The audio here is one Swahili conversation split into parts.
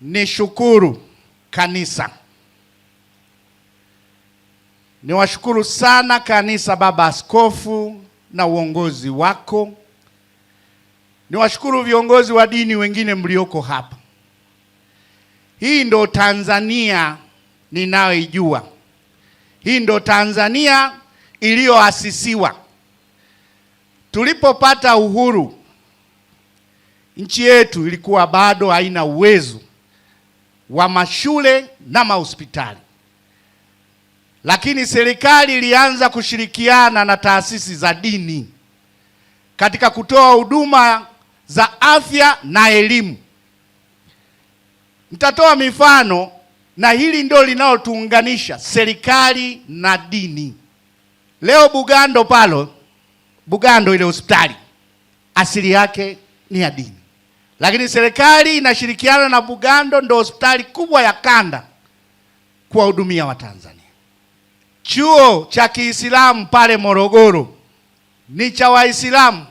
ni shukuru kanisa, niwashukuru sana kanisa, baba askofu na uongozi wako. Niwashukuru viongozi wa dini wengine mlioko hapa. Hii ndo Tanzania ninayoijua, hii ndo Tanzania iliyoasisiwa tulipopata uhuru. Nchi yetu ilikuwa bado haina uwezo wa mashule na mahospitali, lakini serikali ilianza kushirikiana na taasisi za dini katika kutoa huduma za afya na elimu. Nitatoa mifano na hili ndio linalotuunganisha serikali na dini. Leo Bugando palo Bugando ile hospitali asili yake ni ya dini. Lakini serikali inashirikiana na Bugando, ndio hospitali kubwa ya kanda kuwahudumia Watanzania. Chuo cha Kiislamu pale Morogoro ni cha Waislamu,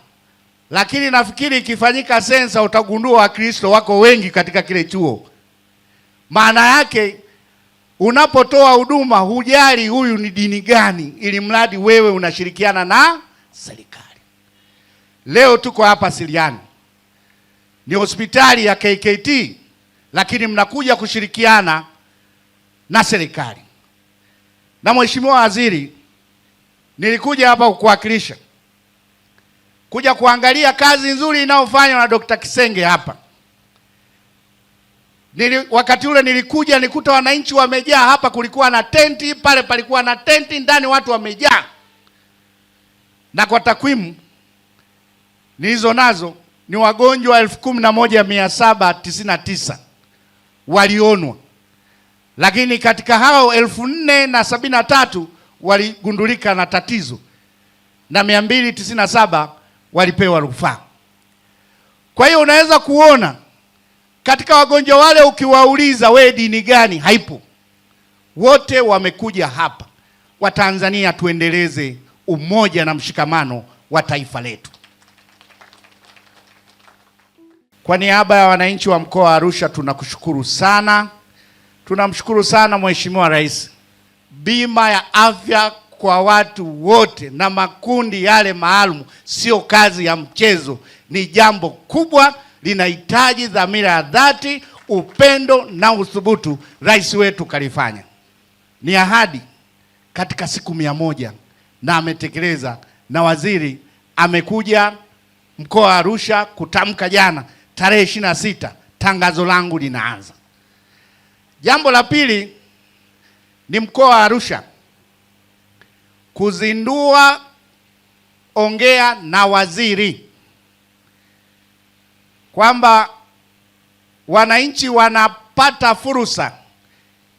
lakini nafikiri ikifanyika sensa utagundua Wakristo wako wengi katika kile chuo. Maana yake unapotoa huduma hujali huyu ni dini gani, ili mradi wewe unashirikiana na serikali. Leo tuko hapa Siliani ni hospitali ya KKT, lakini mnakuja kushirikiana na serikali. Na Mheshimiwa Waziri, nilikuja hapa kukuwakilisha kuja kuangalia kazi nzuri inayofanywa na Dr. Kisenge hapa. Nili, wakati ule nilikuja nikuta wananchi wamejaa hapa, kulikuwa na tenti pale, palikuwa na tenti ndani, watu wamejaa, na kwa takwimu nilizo nazo ni wagonjwa 11799 walionwa, lakini katika hao tatu waligundulika na tatizo na 297 walipewa rufaa. Kwa hiyo unaweza kuona katika wagonjwa wale ukiwauliza, we dini gani? Haipo, wote wamekuja hapa. Watanzania, tuendeleze umoja na mshikamano wa taifa letu. Kwa niaba ya wananchi wa mkoa wa Arusha tunakushukuru sana. Tunamshukuru sana Mheshimiwa Rais. Bima ya afya kwa watu wote na makundi yale maalum sio kazi ya mchezo, ni jambo kubwa, linahitaji dhamira ya dhati, upendo na uthubutu. Rais wetu kalifanya, ni ahadi katika siku mia moja na ametekeleza, na waziri amekuja mkoa wa Arusha kutamka jana tarehe ishirini na sita tangazo langu linaanza. Jambo la pili ni mkoa wa Arusha kuzindua ongea na waziri kwamba wananchi wanapata fursa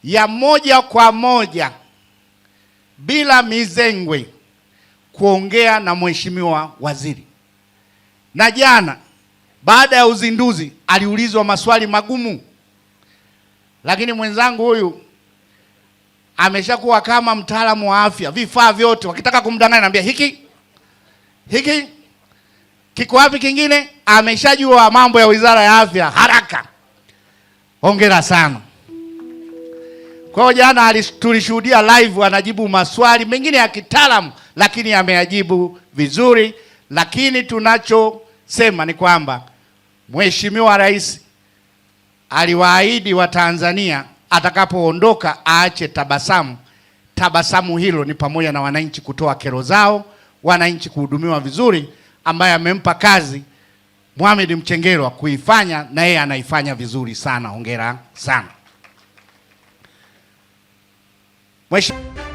ya moja kwa moja bila mizengwe kuongea na mheshimiwa waziri na jana baada ya uzinduzi aliulizwa maswali magumu, lakini mwenzangu huyu ameshakuwa kama mtaalamu wa afya, vifaa vyote, wakitaka kumdanganya naambia hiki hiki kiko wapi, kingine ameshajua mambo ya wizara ya afya haraka. Hongera sana. Kwa hiyo jana tulishuhudia live anajibu maswali mengine ya kitaalamu, lakini ameyajibu vizuri. Lakini tunachosema ni kwamba Mheshimiwa Rais aliwaahidi Watanzania atakapoondoka aache tabasamu. Tabasamu hilo ni pamoja na wananchi kutoa kero zao, wananchi kuhudumiwa vizuri, ambaye amempa kazi Mohamed Mchengerwa kuifanya na yeye anaifanya vizuri sana. Hongera sana Mheshimiwa.